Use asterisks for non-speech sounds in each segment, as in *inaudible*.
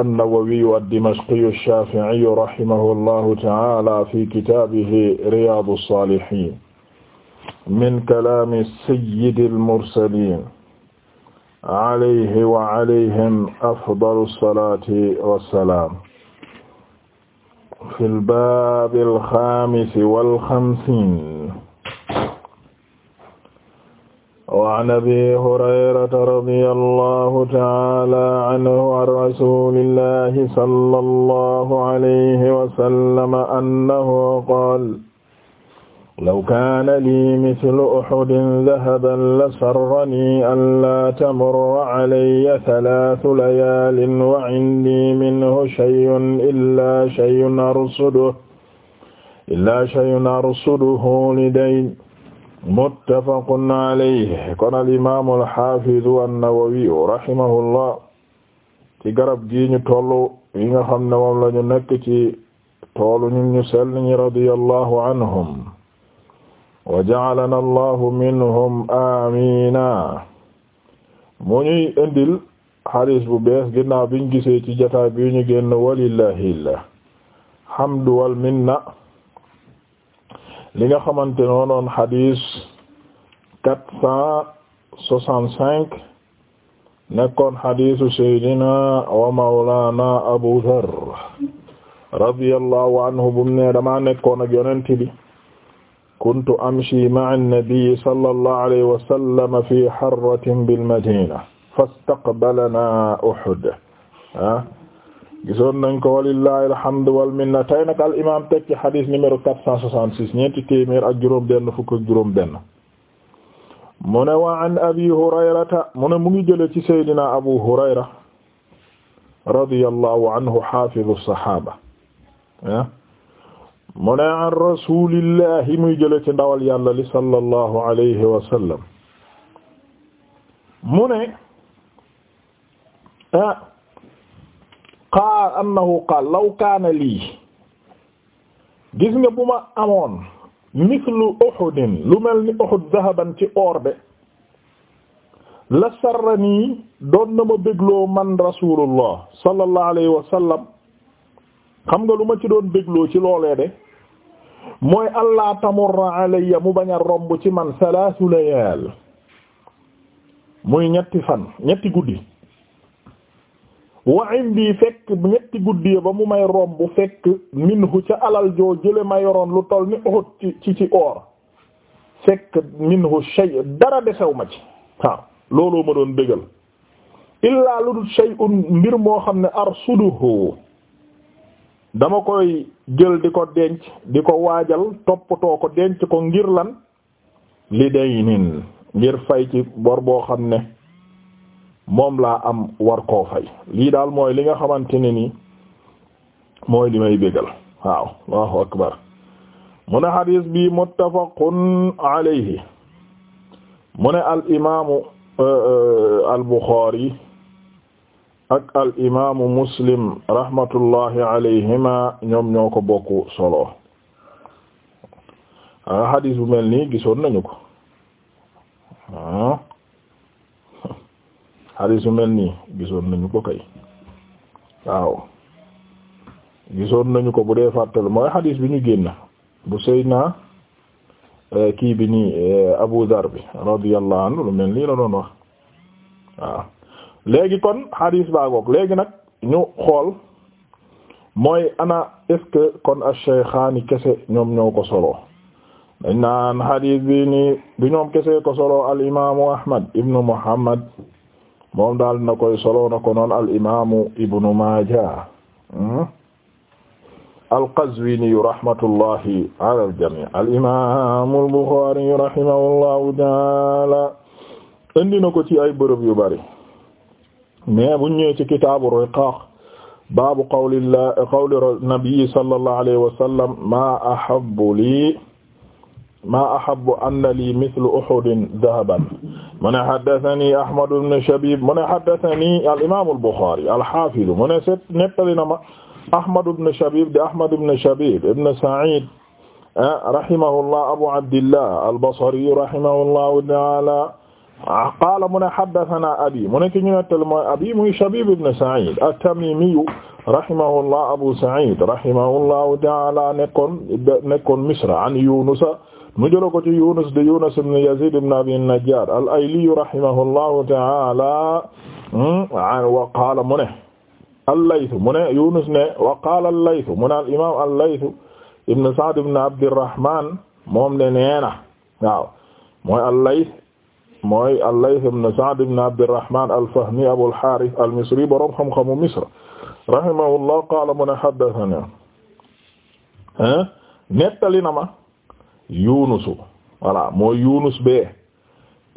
an-Nawawiyu ad-Dimashqiyu ash-Shafi'iyu rahimahullahu ta'ala fi kitaabihi Riyaadu as-Saalihiin min kalaami sayyidi al-mursaliin alayhi wa alayhim afdalu as-salaati was-salaam fil baabil xaamisi wal xamsiin وعن أبي هريرة رضي الله تعالى عنه عن رسول الله صلى الله عليه وسلم أنه قال لو كان لي مثل أحد ذهبا لسرني ألا تمر علي ثلاث ليال وعندي منه شيء إلا شيء أرصده إلا شيء أرصده لدين muttafaqun alayhi kon al imaamu alxafidu annawawiyu rahimahullah ci garab gii ñu toll yi nga xam ne moom la ñu nekk ci toolu ñun ñu sell ñi anhum wa ja'alana allahu minhum amina mu ñuy indil xadis bu bees ginnaaw biñ gisee ci jataay bi ñu génn walillahi alhamdu wal minna li nga xamante ne woon xadis quatre cent soixante-cinq nekkoon xadisu saydina wa mawlana abu dhar radiyallahu anhu bu mu ne dama nekkoon ak bi amshi ma'a an-nabi sallallahu alayhi wa fi harratin bil madina fastaqbalana uhud ah. gisoon nañ ko walillahi alhamdu wal minna tey al imaam teg ci xadis numéro 466 ñeenti téeméer ak juróom-benn fukk ak juróom-benn. mu wa abi hurayrata mu mu ngi jële ci seydina abu hurayra radiyallahu anhu xaafidu saxaaba ah mu ne an rasulillahi muy jële ci ndawal yàlla li sallallahu alayhi qaal annahu qaal law kaana lii gis nga bu ma amoon mislu uhudin lu mel ni uhud dahaban ci or de la sarra nii doon na ma bégloo man rasulullah sallallahu alayhi wa xam nga lu ma ci doon bégloo ci loolee de mooy allah tamurra alayya mu bañ romb ci man salaasu layaal muy ñetti fan ñetti guddi wa indi fekk ñetti guddi ba mu may romb fekk minhu ca alal joo jële ma yoroon lu toll ni Uhud ci ci ci or fekk minhu shay dara desew ma ci waaw looloo ma doon dëggal illaa lu dul shay'un mbir moo xam ne arsuduhu dama koy jël di ko denc di ko waajal toppatoo ko denc ko ngir lan li daynin ngir fay ci bor boo xam ne moom laa am war koo fay lii daal mooy li nga xamante ne nii mooy li may bégal waaw Allahu akbar mu ne xadis bi muttafaqun alayhi mu ne al imaamu euh, euh, al Buxaari ak al imaamu Muslim rahmatullahi alayhima ñoom ñoo ko bokk solo ah, xadis bu mel ni gisoon nañu ko xadiis yu mel nii gisoon nañu ko kay waaw gisoon nañu ko bu dee fàttali mooy xadiis bi ñu génn bu Seydina eh, kii bi nii eh, Abu Dhar bi radiyallahu anhu lu mel nii la doon wax waaw léegi kon xadiis baa goog léegi nag ñu xool mooy ana est kon ash-shaykhaani kese ñoom ñoo ko solo dañ naan xadiis bi nii du ñoom kese ko solo al imaamu Ahmad ibnu Muhammad moom daal na koy solo na ko noon al imaamu ibnu Maaja hmm? al Qazwiini rahmatullahi ala al jamii al imaamu al Buxaari rahimahullahu taala indi na ko ci ay bërëb yu bari mais bu ñëwee ci kitaabu riqaaq baabu qawli la qawli nabiyyi sallallahu alayhi wa sallam maa ahabbu lii maa ahabbu anna lii mithlu uhudin dhahaban mu ne haddathanii Ahmad ibn Shabib mu ne haddathanii al-imaam al-Bukhari al-haafiz mu ne seet nettali na ma Ahmad ibn Shabib di Ahmad ibn Shabib ibn Sa'id ah, rahimahullah Abu Abdillah al-Basri rahimahullahu ta'ala qaala mu ne haddathanaa abii mu ne ki ñu nettali mooy abii muy Shabib ibn Sa'id at-Tamimi rahimahullah Abu Sa'id rahimahullahu ta'ala nekkoon nekkoon Misra an Yunus mu jëla ko ci Yunus de Yunus ibn Yazid ibn Abi Najjar al-Ayli rahimahullahu ta'ala hmm, wa qaala mu ne al-Layth mu ne Yunus ne wa qaala al-Layth mu ne al-imaam al-Layth ibn Sa'd ibn Abdirrahman moom ne neena waaw mooy al-Layth mooy al-Layth ibn Sa'd ibn Abdirrahman al-Fahmi Abul Harith al-Misri borom xam-xamu Misr rahimahullah qaala mu ne haddathana nettali na ma yunusu voilà mooy yunus be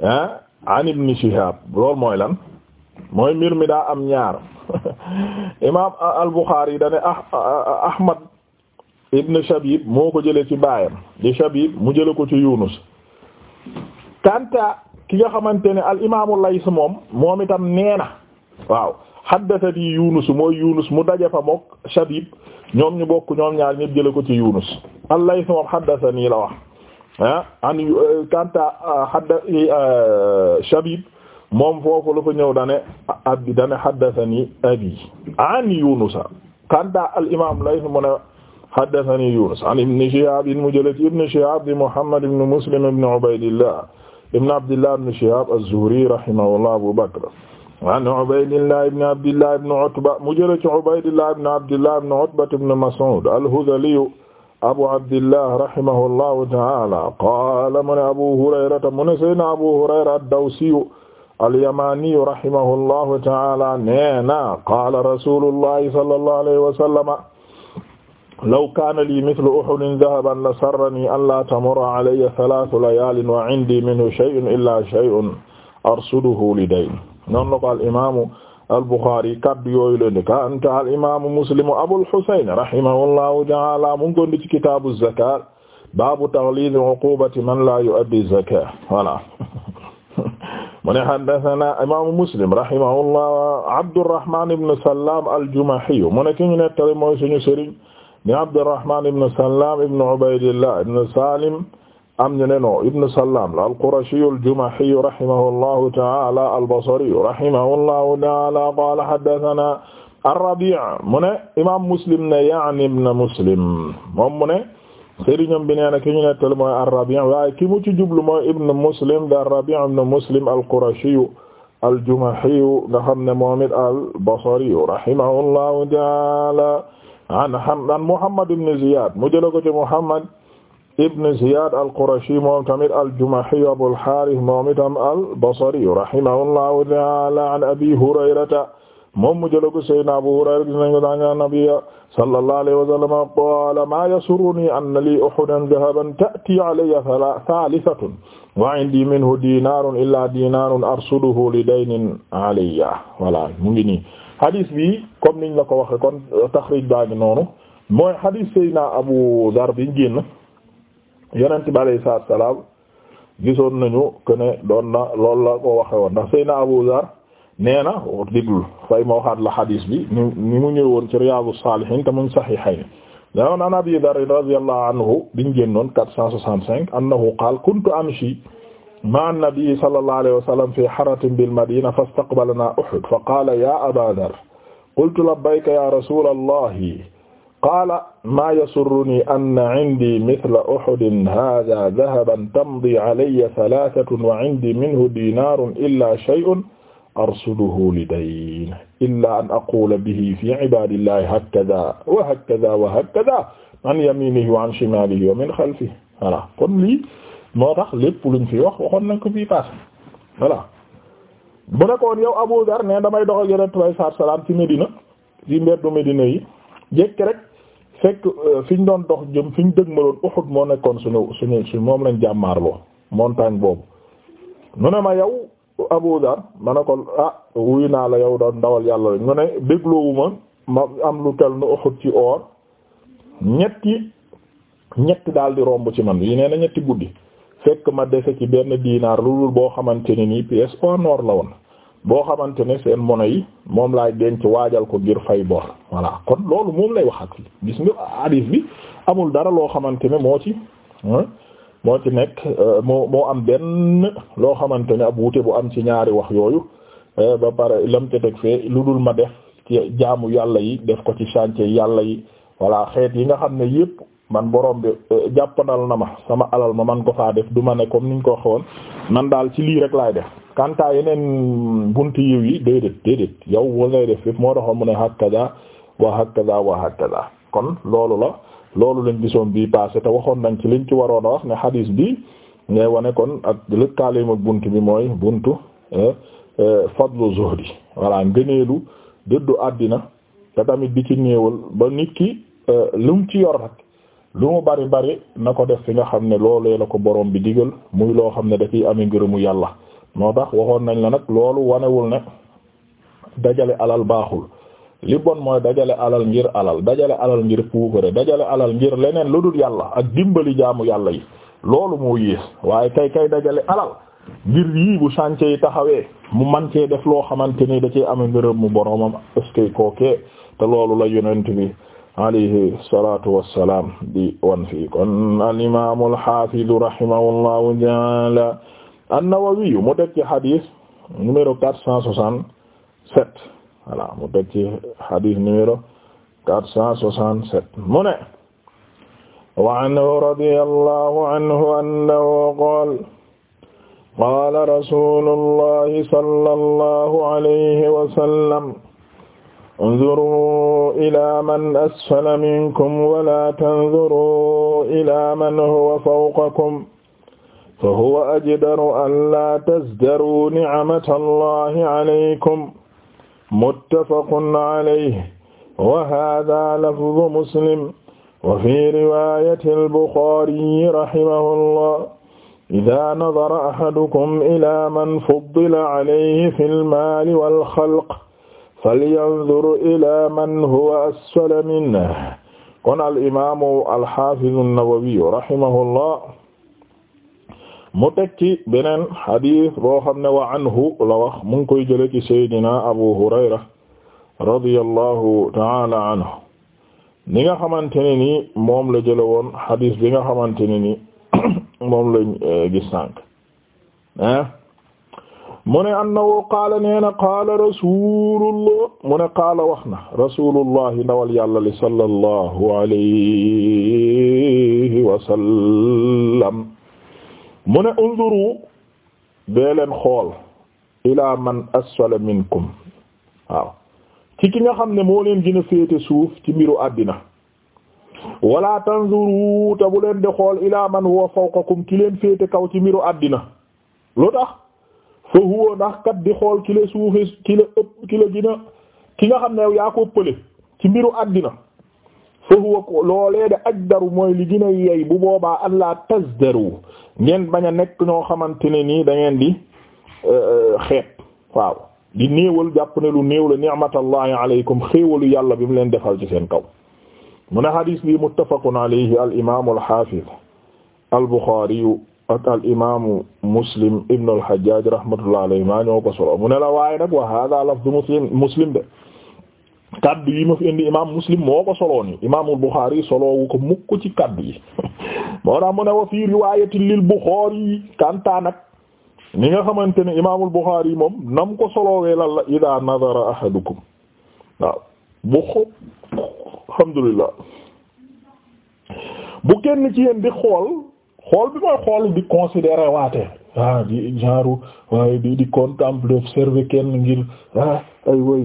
ah an ibn Shihab loolu mooy lan mooy mbir mi daa am ñaar *laughs* imam al-Bukhari dane ah, ah, ah, Ahmad ibn Shabib moo ko jële ci baayam di Shabib mu jële ko ci yunus kanta ki nga xamante ne al imamu Lays moom moom itam nee na waaw haddathani yunus mooy yunus mu daje fa mook Shabib ñoom ñu bokk ñoom ñaar ñëpp jële ko ci Yunus al-Layth moom haddathani la wax ah an euh, kanta euh, hadda euh, Shabib moom foofu la fa ñëw dane abi dane haddathani abi an Yunus kanta al-imam Layth mu ne haddathani Yunus an ibn Shihab mu jële ci ibn Shihab di Muhammad ibn Muslim ibn Ubaydillah ibn Abdillah ibn Shihab az-Zuhri rahimahullah Abu Bakr an Ubaydillah ibn Abdillah ibn Utba mu jëlee ci Ubaydillah ibn Abdillah ibn Utba ibn Mas'ud al-Hudhali Abu Abdillah rahimahullahu ta'ala qaala mu ne Abu Hurayrata mu ne Seydina Abu Hurayra ad-Dawsi al-Yamani rahimahullahu ta'ala nee na qaala rasulullahi sallallahu alayhi wa sallam law kaana lii mithlu Uhudin dhahaban lasarranii an laa tamurra alayya thalathu layaalin wa 'indii minhu shay'un illaa shay'un arsuduhu li dayn noonu la ko al imaamu al Bukhari kaddu yooyu la nekk anta al imaamu Muslim Abul Husayn rahimahullahu ta'ala mu ngi ko indi ci kitaabu zakaat baabu taghliid uqubati man laa yu'addi zakaat voilà *laughs* mu ne haddasanaa imaamu Muslim rahimahullahu Abdurrahmaan ibn Sallaam al-Jumahi mu ne ki ñu nettali mooy suñu sëriñ ni Abdurrahmaan ibn Sallaam ibn Ubaydillah ibn Saalim am ñu ne no ibn Sallaam la al-Qurashiyu al-Jumahiyu rahimahullahu ta'ala al-Basriyu rahimahullahu ta'ala qaala haddathanaa ar-Rabi' mu ne imaam Muslim ne ya'ni ibn Muslim moom mu ne sëriñam bi nee na ki ñu nettali mooy ar-Rabi' waaye ki mu ci jublu mooy ibn Muslim da ar-Rabi' ibn Muslim al-Qurashiyu al-Jumahiyu nga xam ne moom it al-Basriyu rahimahullahu ta'ala an Muhammad ibn Ziyad mu jël ko ci Muhammad ibn Ziyad al-Qurashi moom tamit al-Jumahi Abul Harith moom itam al-Basri rahimahullahu ta'ala an Abi Hurayrata moom mu jëloon ko Seydina Abu Hurayra dinañ ko daan ñaan Nabiyya sallallahu alayhi wa sallam qaala maa yasurrunii anna lii Uhudan dhahaban ta'tii alayya thaalithatun wa 'indii minhu diinaarun illaa diinaarun arsuduhu li daynin alayya voilà mu ngi nii. hadis bi comme niñ la ko waxee kon taxriij baa ngi noonu mooy hadis Seydina Abu Dharr bi génn. yonent bi alayhi salaatu wa salaam gisoon nañu que ne doon na loolu la ko waxe woon ndax Seydina Abu Zar nee na déglul fay ma waxaat la xadiis bi ni ni mu ñëwoon ci Riyaadu Saalihiin te mu saxiixayn danoon an Abi Dar radiyallahu anhu biñ génnoon quatre cent soixante-cinq annahu qaala kuntu amshi ma'a an-nabiyyi sallallahu alayhi wa sallam fi haratin bil madina fastaqbalana Uhud fa qaala ya Aba Dar qultu labbayka ya rasulallahi qaala maa yasurrunii an indii mithla uhudin haadhaa dhahaban tamdii alayya thalaathatu wa indii minhu diinaarun illaa shay'un arsuduhu li dayn illaa an aquula bihi fii cibaadillaahi hakadhaa wa hakadhaa wa hakadhaa an yamiinihi wa an shimaalihi wa min xalfihi voilà kon lii moo tax lépp luñ fi wax waxoon nañ ko fii paase voilà bu nekkoon yow Abu Dar ne damay dox ak Yonent bi sallallahu alayhi wa sallam ci Medina ci mbeddu Medina yi jekk rek. fekk euh, fi ñu doon dox jëm fi ñu dëgmaloon Uhud moo nekkoon suñu suñu moom lañ jàmmaarloo montagne boobu nu ne ma yow Abu Dar ma ko ah wuy naa la yow doon ndawal yàlla lañ ñu ne dégloowuma ma am lu tel nu Uhud ci or ñetti ñett daal di romb ci man yi nee na ñetti guddi fekk ma dese ci benn diinaar lu dul boo xamante ne nii pièce en or la woon boo xamante ne seen mono yi moom laay denc waajal ko ngir fay bor voilà kon loolu moom lay wax fi gis nga bi amul dara loo xamante ne moo ci moo ci nekk euh, moo moo am benn loo xamante ne ab wute bu am ci ñaari wax yooyu euh, ba pare lam ca teg fee lu dul ma def jaamu yàlla yi def ko ci chantier yàlla yi voilà xeet yi nga xam ne yépp man borom bi euh, jàppandal na ma sama alal ma man ko faa def du ma ne comme niñ ko waxoon man daal ci lii rek laay def kanta yeneen bunt yiw yi déedéet déedéet yow wal ngay def fépp moo taxoon mu ne hakaza wa hakaza wa hakaza kon loolu la loolu lañ gisoon bii passé te waxoon nañ ci liñ ci waroon a wax ne hadis bi ngay wane kon ak lëkkaaleem ak bunt bi mooy buntu eh, eh, fadlu zuhdi voilà ngëneelu dëddu àddina te tamit bi ci néewal ba nit ki eh, lu mu ci yor rek lu bari bari na ko def fi nga xam ne loolee la ko borom bi digal muy loo xam ne dafiy ame ngërëmu yàlla moo tax waxoon nañ na nag loolu wanewul ne dajale alal baaxul li bon mooy dajale alal ngir alal dajale alal ngir puukare dajale alal ngir leneen lu dul yàlla ak dimbali jaamu yàlla yi loolu moo yées waaye kay kay dajale alal ngir yii bu sànce yi taxawee mu man cee def loo xamante ni da cee ame ngërëm mu boromam est-ce que te loolu la yonent bi alayhi salatu wassalaam di wan fii kon al imaamul xaafidu rahimahullahu taala an-Nawawi mu teg ci hadis numéro quatre cent soixante-sept voilà mu teg ci hadis numéro quatre cent soixante-sept mu ne wa anhu radiyallahu anhu annahu qaala qaala rasuulullahi sallallahu alayhi wa sallam unzuruu ilaa man asfala minkum wa laa tanzuruu ilaa man huwa fawqakum fa huwa ajdaru an laa tazdaru ni'mata allahi alaykum muttafaqun alayhi wa haadha lafdu muslim wa fi riwaayati al-Buxaari rahimahullah idaa nadara ahadukum ilaa man fuddila alayhi fil maali wal xalq falyanzur ilaa man huwa asfala minhu kon al imaamu al-Haafiz an-Nawawi rahimahullah mu teg beneen xadiis boo xam ne wa anhu la wax mu ngi koy jële ci Seydina Abu Hurayra radiyallahu taala anhu ni nga xamante ne ni moom la jële woon xadiis bi nga xamante ne ni *coughs* moom lañ eh, gis sànq ah mu ne annahu qaala nee na qaala rasulullah mu ne qaala wax na rasulullah ndawal yàlla li sallallahu alayhi wa mu ne unzuru bee leen xool ila man asfala minkum waaw ci ki nga xam ne moo leen gën a féete suuf ci mbiru àddina wala tanzuru te bu leen di xool ila man huwa fawqakum ki leen féete kaw ci mbiru àddina lu tax fa huwa ndax kat di xool ki la suufe ki la ëpp ki la gën ki nga xam ne yow yaa ko pële ci mbiru àddina fa huwa loolee de ajdaru mooy li gën a yey bu boobaa allah tazdaru ngeen bañ a nekk ñoo xamante ne nii da di euh, euh, xeet waaw di néewal jàpp ne lu néew la ni'matallahi alaykum xéewalu yàlla bi mu leen defal ci seen kaw mu ne xadis bi muttafaqun alayhi al imaamu al xaafiz al buxaari ak al imaamu muslim ibn al xajjaaj rahmatullah alayhi maa ñoo ko mu la waaye nag wa haaza lafdu muslim muslim de kaddu yi ma fi indi imaam muslim moo ko soloon yi imaamul buxaari soloowu ko mukk ci kaddu yi *laughs* moo tax mu ne wa fii riwaayati lil buxaari kanta nag ni nga xamante ne imaamul buxaari moom nam ko soloowee lan la ida ahadukum bu xob alhamdulillah bu kenn ci yéen xool xool bi mooy xool di considérer waatee ah di genre waaye di di contempler observer kenn ngir ah ay way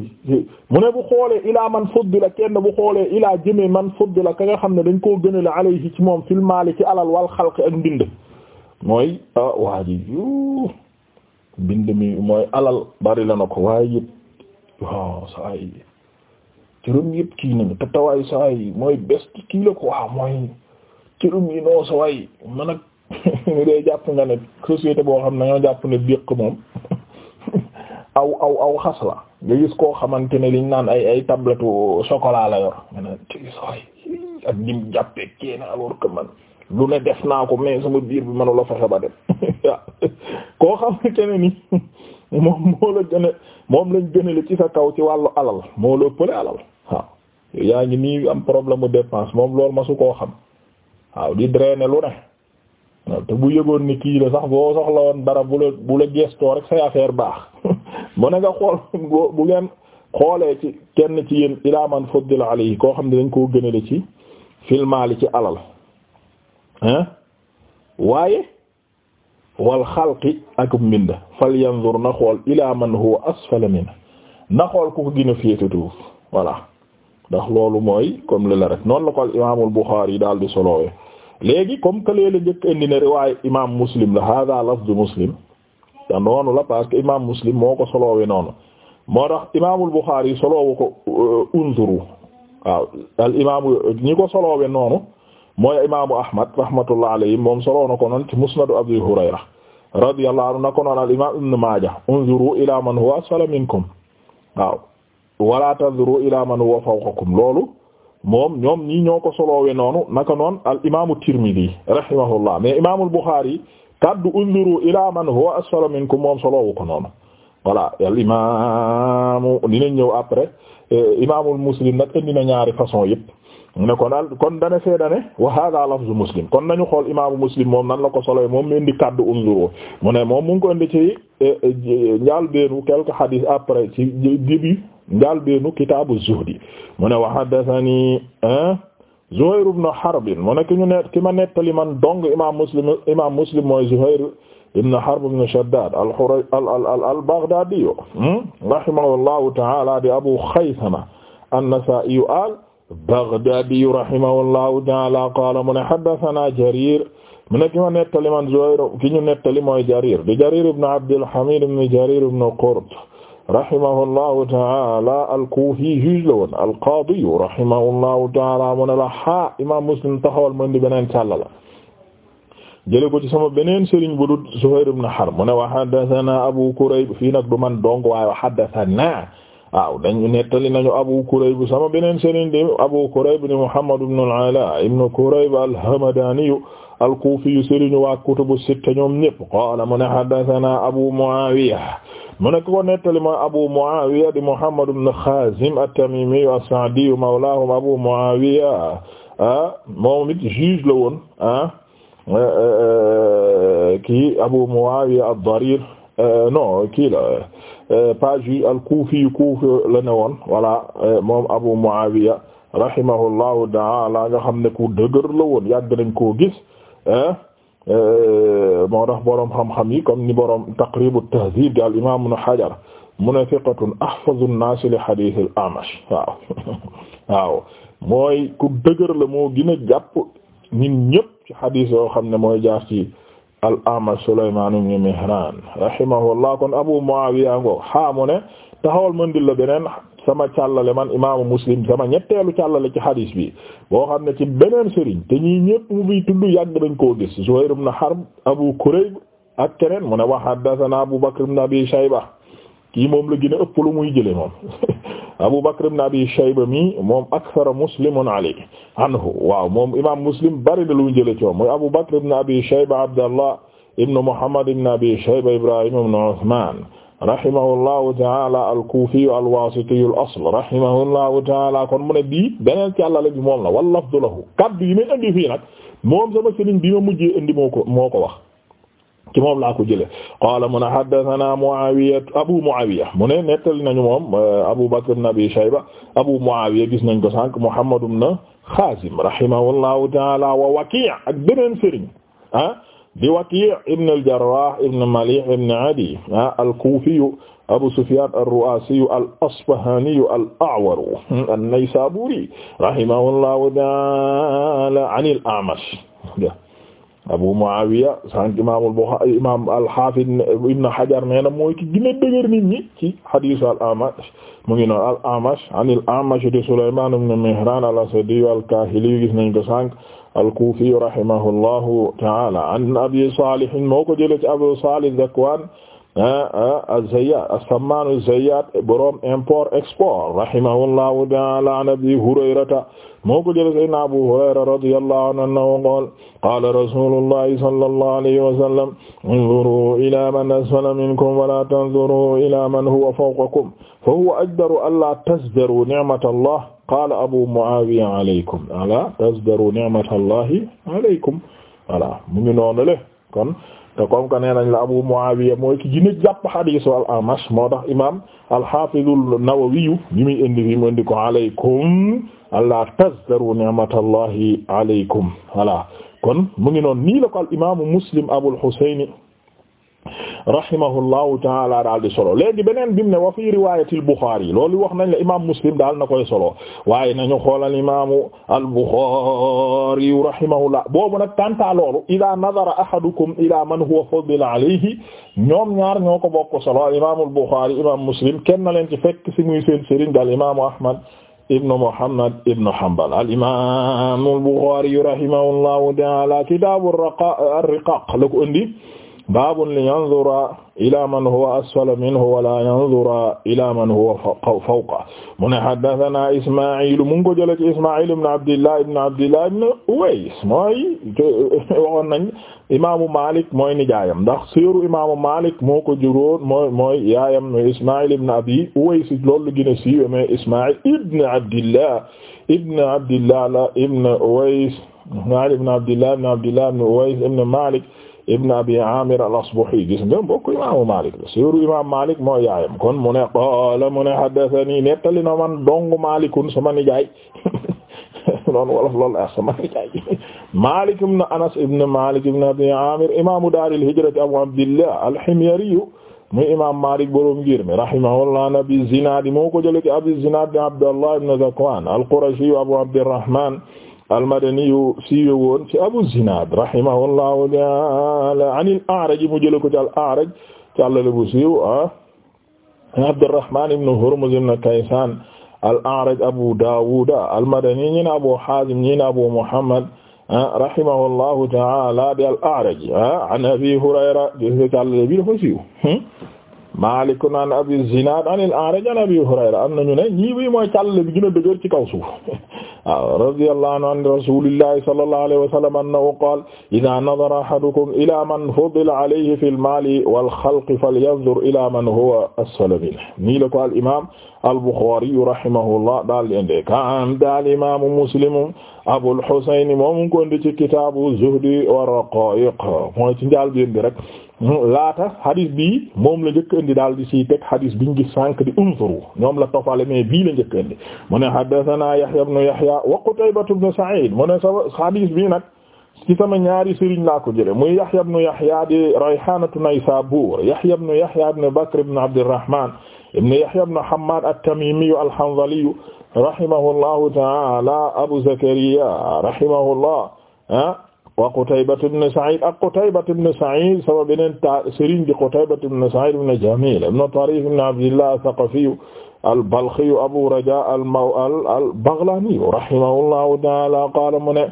mu ne bu xoolee ilaa man fuddila kenn bu xoolee ilaa jëmee man fuddila ka nga xam ne dañ koo gënale alayhi ci moom fil maali ci alal wal xalq ak mbind mooy ah waa ji mbind mi mooy alal bari la na ko waaye yëpp waaw saa yi cëram yëpp kii nañu te tawaay saa yi mooy best kii ko waaw mooy cëram yi noo saa yi ñu *laughs* dee jàpp nga ne société boo xam ne ñoo jàpp ne déq moom *laughs* aw aw aw xas la nga gis koo xamante ne liñ naan ay ay tablette chocolat la yor nga naan ci soy ak dim jàppee kéena alors que man lu ne def naa ko mais sama biir bi manula fexe ba dem *laughs* waaw koo xam ne ni moom moo la gën a moom lañ gën a li ci sa kaw ci wàllu alal moo la ëppale alal waaw yaa ngi nii am problème mu dépense moom loolu ma su koo xam waaw di drainer lu ne waaw te bu yëgoon ni kii la sax boo soxla woon barab bu la bu la gestoo rek say affaire baax *laughs* mu ne nga xool bu ngeen xoolee ci kenn ci yéen ilaa man fuddila alayhi koo xam ne dañ koo gënale ci filmaali ci alal hein waaye wal xalqi ak mbind fal yanzur na xool ilaa man huwa asfala min na xool ku ko gën a féete tuuf ndax loolu mooy comme li la rek noonu la ko al imaamul Buxaari yi daal di solowee léegi comme que léeg-léeg njëkk indi ne riwaay imaam muslim la hada lafdu muslim la parce imaam muslim moo ko soloowe noonu moo tax imaamul ko euh, unzuru waaw al imaamu ko soloowe noonu mooy imaamu ahmad rahmatullah alayhi moom soloo na ko noonu ci musnadu abi hurayra radiyallahu anhu na ko noonu al maaja unzuru ila man huwa asfala minkum waaw wala tanzuru ila man huwa fawqakum loolu moom ñoom ñii ñoo ko soloowe noonu naka noon al imaamu Tirmidi rahimahullah mais imaamul Buxaari kaddu unzuru ila man huwa asfala minkum moom soloowu ko noonu voilà al imaamu dinañ ñëw après eh, imaamul Muslim nag indi na ñaari façon yëpp ne kon al kon dane fee dane wa hada lafzu Muslim kon nañu xool imaamu Muslim moom nan la ko soloowe moom mu indi kaddu unzuru mu ne moom mu ko indi ci eh, eh, njaal beenu quelques hadith après ci début njaal beenu kitaabu zuhdi mu ne wa haddathani Zuhayr ibn Harb mu ne ki ñu ne ki ma nettali man dong imaam Muslim imaam Muslim mooy Zuhayr ibn Harb ibn Shaddad al-Hurri al-Baghdadi hmm? rahimahullahu ta'ala di Abu Khaythama an-Nasa'i al-Baghdadi rahimahullahu ta'ala qala mu ne haddathana Jarir mu ne ki ma nettali man Zuhayr ki ñu nettali mooy Jarir di Jarir ibn Abd al-Hamid ibn Jarir ibn Qurt rahimahullahu taala al-Kufi juge la woon al-Qadi rahimahullahu taala mu ne la ha imam Muslim taxawal mën di beneen càlla la jële ko ci sama beneen sëriñ bu dul Zuhayr ibn Harb mu ne wa haddathana Abu Kurayb fii nag du man dong waaye wa haddathana waaw dañu nettali nañu Abu Kurayb sama beneen sëriñ di Abu Kurayb ni Muhammad ibn al-Ala ibn Kurayb al-Hamadani al-Kufi sëriñu waa kutubu sitta ñoom ñépp qaala mu ne haddathana Abu Muawiya mu nekk ko nettali mooy Abu Muawiya di Muhammad ibn Khazim at-Tamimi as-Sa'di mawlahum Abu Muawiya ah, moom it juge la woon ah, eh, eh, kii Abu Muawiya ad-Darir eh, non kii la pas juge al-Kufi Kufi la ne woon voilà moom Abu Muawiya ta'ala nga xam ne ku dëgër la woon yàgg nañ koo gis Euh, moo tax borom xam-xam yi comme ni borom taqrib at-tahdhib daal imaam ibn Hajar mu ne thiqatun ahfazu an-nas li hadith amash *laughs* mooy ku dëgër la moo gën jàpp ñun ñëpp ci hadith yoo xam ne mooy jaar ci al-A'mash Sulaymaan ibn Mihraan rahimahullah kon Abu Muawiya ngo xaa mu ne taxawal mën di beneen sama càllale man imaamu muslim sama ñetteelu càllale ci hadis bi boo xam ne ci beneen sëriñ te ñii ñëpp mu bi tudd yàgg dañ koo gis Zuhayr ibn Harb Abu Kurayb ak keneen mu ne wa haddathana Abu Bakr ibn Abi Shayba kii moom la gën ëpp lu muy jële moom *laughs* Abu Bakr ibn Abi Shayba mi moom akthara muslimun alayhi anhu waaw moom imaam muslim bari na lu muy jële mooy Abu Bakr ibn Abi Shayba Abdallah ibn Muhammad ibn Abi Shayba Ibrahim ibn Uthman rahimahullahu taala al-kuufiyu al-waasitiyu al-asl rahimahullahu taala kon mu ne bii beneen càllale bi moom la wal lafdu lahu kaddu yi may indi fii nag moom sama sëriñ bi ma mujjee indi moo ko moo ko wax ci moom laa ko jëlee qaala mu ne haddathana Muawiya Abu Muawiya mu ne nettali nañu moom euh, Abu Bakr ibn Abi Shayba Abu Muawiya gis nañ ko sànq Muhammad ibn Xaazim rahimahullahu taala wa Waki' ak beneen sëriñ ah di Waki' ibn al-Jarrah ibn Malih ibn Adi ah, al-Kufi Abu Sufyan ar-Ru'asi al-Asbahani al-A'war an-Naysaburi rahimahullahu ta'ala an al-A'mash Abu Muawiya sànq imaamul Buxaari imaam al-Haafid Ibn Hajar nee na mooy ki gën a dëgër nit ñi ci hadiisu al-Amash mu ngi noonu al-Amash anil Amash di Sulaymaan ibn Mihraan al-Asadi al-Kaahili gis nañ ko sànq al-Kuufi rahimahullahu ta'aala an Abi Saalih moo ko jëlee ci Abu Saalih Zakwaan Ah, ah, az-Zayyat as-Samman az-Zayyat borom import export rahimahullahu ta'ala an Abi Hurayrata moo ko jëlee sayyidina Abu Hurayra radiyallahu anhu qaala qaala rasulullahi sallallahu alayhi wa sallam unzuru ila man asfala minkum wa la tanzuru ila man huwa fawqakum fa huwa ajdaru alla tazdaru ni'matallahi qaala Abu Mu'awiya alaykum ala tazdaru ni'matallahi alaykum voilà mu ngi noonu le kon te comme que la Abu Muawiya mooy ki gën a jàpp xadiisu al-Amash moo tax imaam al-Haafidu Nawawiyu bi muy indi fi mu indi ko aleykum allah tazdaru ni'matallahi aleykum voilà kon mu ngi noonu nii ko al imaamu Muslim Abul Husayn rahimahullahu taala daal di solo léegi beneen bi mu ne wa fi riwaayati al-Bukhari loolu wax nañ la imaam Muslim daal na koy solo waaye nañu xoolal imaamu al-Bukhari rahimahullah boobu nag tanta loolu ila nadara ahadukum ila man huwa fudila alayhi ñoom ñaar ñoo ko bokk solo al imaamu al-Bukhari imaam Muslim kenn na leen ci fekk si muy seen sëriñ daal imaamu Ahmad ibnu Muhammad ibnu Hanbal al-imaamu al-Bukhari rahimahullahu taala kitaabu ar-riqaaq la ko indi baabun li yanzura ila man huwa asfala minhu wala yanzura ila man huwa fawqa mu ne haddathana Isma'il mu ngi ko jëlee ci Isma'il ibn Abdillah ibn Abdillah ibn Uways mooy *laughs* waxoon nañ imaamu Malik mooy nijaayam ndax seeru imaamu Malik moo ko juróon mooy mooy yaayam Isma'il ibn Abi Uways loolu gën a siiwee mais Isma'il ibn Abdillah ibn Abdillah la ibn Uways Isma'il ibn Abdillah ibn Abdillah ibn Uways ibn Malik ibn abi amir al-asbahi gis nga mbokk imaamu malik la seeru imam malik mooy yaayam kon mu ne qaala mu ne haddathani nettali na man dong malikun sama nijaay *laughs* noonu wolof loolu la sama nijaay malik ibn anas ibn malik ibn abi amir imamu daar al-hijrati abu abdillah al-himyari muy imam malik borom ngir mi rahimahullah nabi zinadi moo ko jële ci abi zinad abdullah ibn zakwan al-qurashi abu abdirrahman almadaniyu siiwe woon ci Abu Zinaad rahimahullahu ta'ala an al-A'raj mu jële ko ci al-A'raj càllale bu siiw ah Abdurrahman ibn Hurmuz ibn Kaysaan al-A'raj Abu Daawud almadani ñi na Abu Haazim ñi na Abu Muhammad ah, rahimahullahu ta'ala di al-A'raj ah, an Abi Hurayra càllale bi dafa siiw Maalik hmm? an Abi Zinaad an al-A'raj an Abi Hurayra am nañu ne ñii bi mooy càllale bi gën a dëgër ci kaw suuf *laughs* radiyallahu anhu an rasulillahi sallallahu alayhi wa sallam annahu qaala idha nadhara ahadukum ila man fudila alayhi fil mali wal khalqi falyanzur ila man huwa asfala minhu nii la ko al imaam al Bukhari rahimahullah daal di indee kan daal imaamu Muslim Abul Husayn moom ko indi ci kitaabu zuhdi wa raqaa'iq mooy ci njaal bi rek laata hadis bi moom la njëkk indi daal di siy teg hadis biñ gis sànq di unzuru ñoom la toppale mais bii la njëkk indi mu ne haddathana Yahya ibn Yahya wa Qutayba ibn Sa'id mu ne sa hadis bi nag ci sama ñaari sëriñ laa ko jële muy Yahya ibn Yahya di Rayhanatu Naysabur Yahya ibn Yahya ibn Bakr ibn Abdurrahman ibn Yahya ibn Hammad at-Tamimi al-Hanzali rahimahullahu ta'ala Abu Zakariya rahimahullah ah. wa Qutaybatu ibn Sa'id ak Qutaybatu ibn Sa'id sama beneen ta Serigne di Qutaybatu ibn Sa'id ibn Jamil ibn Tarif ibn Abdillah Ath-Thaqafi al-Balkhi Abu Raja al-Baghlani rahimahullahu ta'ala qala mu ne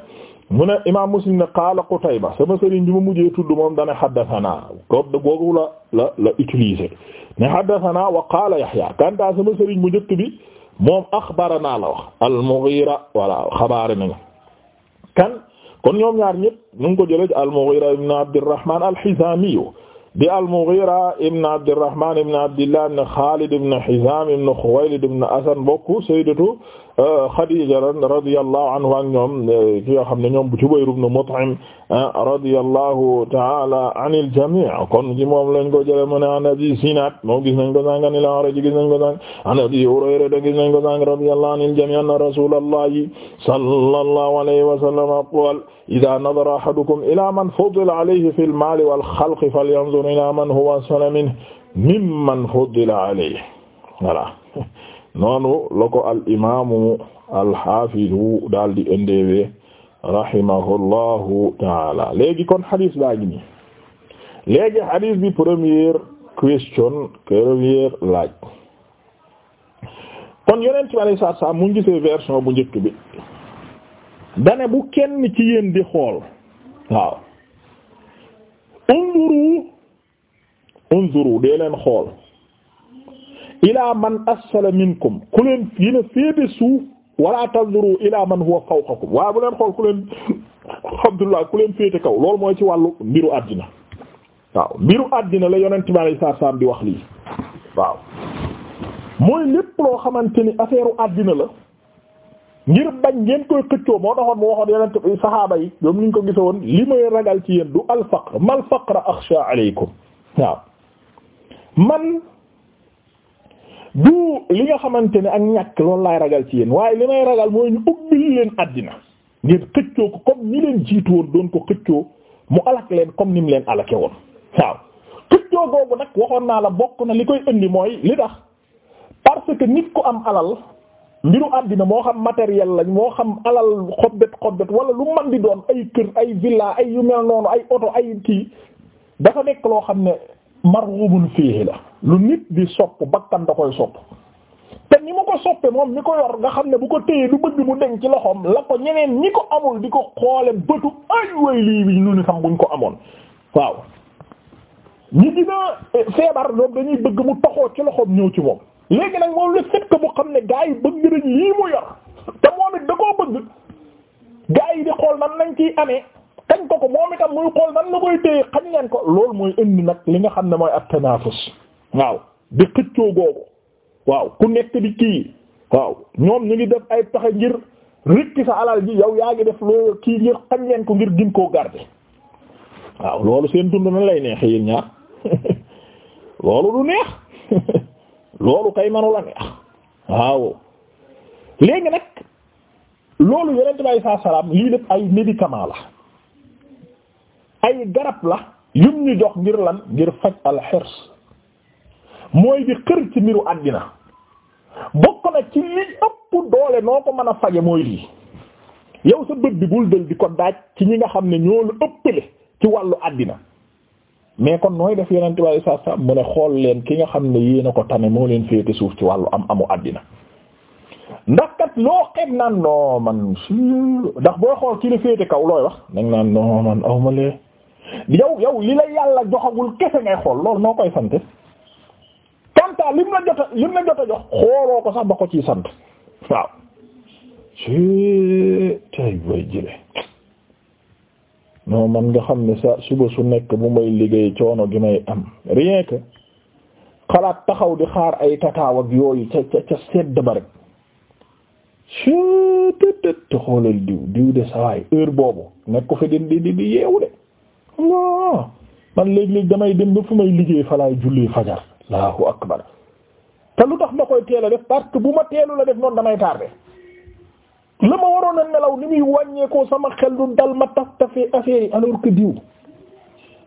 mu ne Imam Muslim ne qala Qutayba sama Serigne bi ma mujjee tudd moom dana haddathana kooku googu la la la utilisé ne haddathana wa qala Yahya kanta sama Serigne bu njëkk bi moom akhbarana la wax al-Mughira wala xabaar nañu kan kon ñoom ñaar ñëpp ñu ngi ko jëlee ci al-Mughira ibn Abdirrahman al-Hizami di al-Mughira ibn Abdirrahman ibn Abdillah ibn Khalid ibn Hizam ibn Khuwaylid ibn Asad mbokk sayyidatu Khadija radiyallahu anhu ak ñoom eh, ki nga xam ne ñoom Jubayr ibn Mut'im eh, radiyallahu ta'ala anil jami' kon ci moom lañ ko jëlee mu ne an Abi Sinat moom gis nañ ko sànq an al-A'raj gis nañ ko sànq an Abi Hurayra gis nañ ko sànq radiyallahu anil jami' anna rasulallahi sallallahu alayhi wa sallam qala idha nadara ahadukum ila man fudila alayhi fil mali wal khalqi falyanzur ila man huwa ahsanu minhu mimman fudila alayhi voilà *laughs* noonu la ko al imaamu al xaafidu daal di taala léegi kon hadis baa ngi nii léegi bi premier question première laaj kon yonent bi alayhi salaatu salaam mu ngi gisee version bu njëkk bi dane bu kenn ci yéen di xool waaw unzuru unzuru xool ilaa man asfala minkum ku leen yéen a féete suuf wala tanzuru ilaa man huwa fawqakum waaye bu leen xool ku leen alhamdulillah ku leen féete kaw loolu mooy ci wàllu mbiru àddina waaw mbiru àddina la yonent bi alayhi salaam di wax lii waaw mooy lépp loo xamante ni affaire àddina la ngir bañ ngeen koy xëccoo moo taxoon mu waxoon yonent saxaaba yi ñoom niñ ko gisoon li may ragal ci yéen du al faqr mal faqra alaykum waaw man. du li nga xamante ne ak ñàkk loolu laay ragal ci yéen waaye li may ragal mooy ñu ubbil leen àddina ngeen xëccoo ko comme ñi leen jiitu woon doon ko xëccoo mu alak leen comme ni mu leen alake woon waaw xëccoo googu nag waxoon naa la bokk na li koy indi mooy li tax parce que nit ku am alal mbiru àddina moo xam matériel lañ moo xam alal xobbet xobbet wala lu man di doon ay kër ay villa ay yu mel noonu ay oto ay kii dafa nekk loo xam ne marghubun fihi la lu nit di sopp bakkan da koy sopp te ni ma ko soppe moom mi ko yor nga xam ne bu ko téyee du bëgg mu deñ ci loxoom la ko ñeneen ñi ko amul di ko xoole bëtu ay way lii bi lu ni xam buñ ko amoon waaw ñi dina eh, feebar ñoom dañuy bëgg mu taxoo ci loxoom ñëw ci moom léegi nag moom le fait que bu xam ne gaa yi bëgg nañ lii mu yor te moom it da koo bëgg gaa yi di xool nan lañ kiy amee kañ ko ko moom itam muy xool nan la koy téye xañ leen ko loolu mooy indi nag li nga xam ne mooy at-tanafus waaw di xëccoo googu waaw ku nekk di kii waaw ñoom ñu ngi def ay pexe ngir rëkki sa alal ji yow yaa ngi def loolu kii ngir xañ leen ko ngir gin koo garder waaw loolu seen dund na lay neex yéen ñaar *laughs* loolu du neex *laughs* loolu kay manu la neex waaw léegi nag loolu yonent bi ay saa salaam lii def ay médicament la ay garab la yum ñu jox ngir lan ngir faj al mooy di xër ci mbiru àddina bokk na ci li ëpp doole noo ko mën a faje mooy lii yow sa bët bi bul dël di ko daaj ci ñi nga xam ne ñoo la ëppale ci wàllu àddina mais kon nooy def yeneen tubaab yi saa saa mu ne xool leen ki nga xam ne yéen a ko tane moo leen féete suuf ci wàllu am amu àddina ndax kat loo xeeb naan non man ndax boo xool ki la féete kaw looy wax nag naan non ma lee yow yow li la yàlla joxagul kese ngay xool loolu noo koy sante kanta lim la jot a jox xooloo ko sax ba ko ciy sant waaw ci tay way jële non man nga xam ne sa suba su nekk bu may liggéey coono gi may am rien que xalaat taxaw di xaar ay tataaw ak yooyu ca ca ca sedd ba rek ctëtët te xoolal diw diw de sawaay heure boobu nekk fi din di di di yeewu de man léeg-léeg damay dem ba fu may liggéey falaay julli fajar allahu akbar te lu tax ma koy teel a def parce que bu ma teelu la def noonu damay tardé la ma waroon a nelaw ni muy wàññeekoo sama xel du dal ma taf tafee affaire yi alors que diw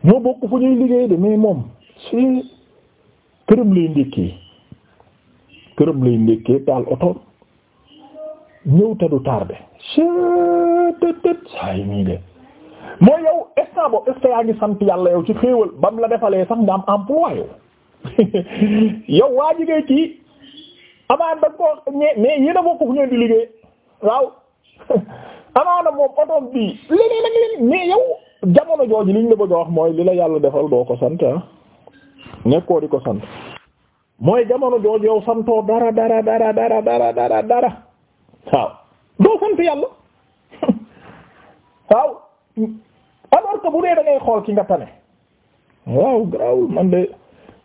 ñoo bokk fu ñuy liggéey de mais moom si këram lay ndékkee këram lay ndékkee taal oto ñëw te du tardé cetëtët saa yi nii de mooy yow instant boobu yaa ngi sant yàlla yow ci xéewal bam la defalee sax nga am emploi yow *laughs* yow waa ji ngay kii da ko mais mais yéen a bokk fu ñu di liggéey waaw *laughs* amaana moom otoom bii leneen ak leneen mais jamono jooju liñ la bëgg a wax mooy li la yàlla defal doo ko sant ah. nekkoo di ko sant mooy jamono jooju yow santoo dara dara dara dara dara doo sant yàlla *laughs* waaw alors que bu dee da xool ki nga tane waaw garaawul man de.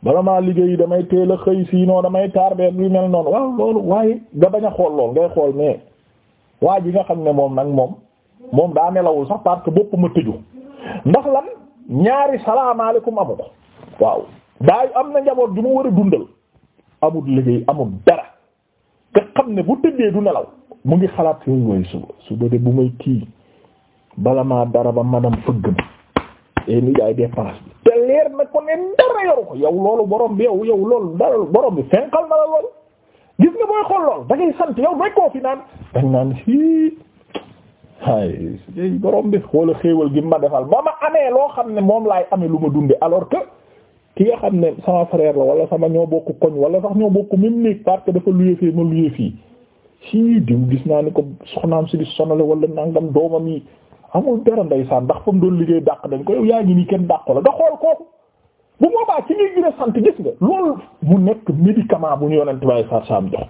bala maa liggéey damay teel a xëy siinoo damay tarbeer bi mel noonu waaw loolu waaye nga bañ a xool lool ngay xool mais waa ji nga xam ne moom nag moom moom daa nelawul sax parce que bopp ma tëju ndax lan ñaari salaamaaleykum amu ko waaw daay am na njaboot ju mu war a dundal amul liggéey amul dara nga xam ne bu tëddee du nelaw mu ngi xalaat yooyu wooyu suba suba de bu may kii bala maa dara ba madam fëgg na et ni daay dépense bi te leer ko ne dara yoru ko yow loolu borom bi yow yow loolu dara borom bi fenqal na la loolu gis nga booy xool loolu da sant yow doy koo fi naan dañ naan fii ay borom bi xoola xéewal gi ma defal ba loo xam ne moom laay amee lu ma dunde alors ki nga xam ne la wala sama ñoo bokk koñ wala sax ñoo bokk même néeg parce que dafa luye fee ma luye fii sii diw gis naa ni ko soxnaam si di sonale wala nangam doomam yi amul dara ndeysaan ndax fa mu doon liggéey dàq dañ ko yaa ngi nii kenn dàq la nga xool kooku bu boobaa ci ñuy gën a sant gis nga loolu mu nekk médicament bu ñu yonent waaye sarsam jox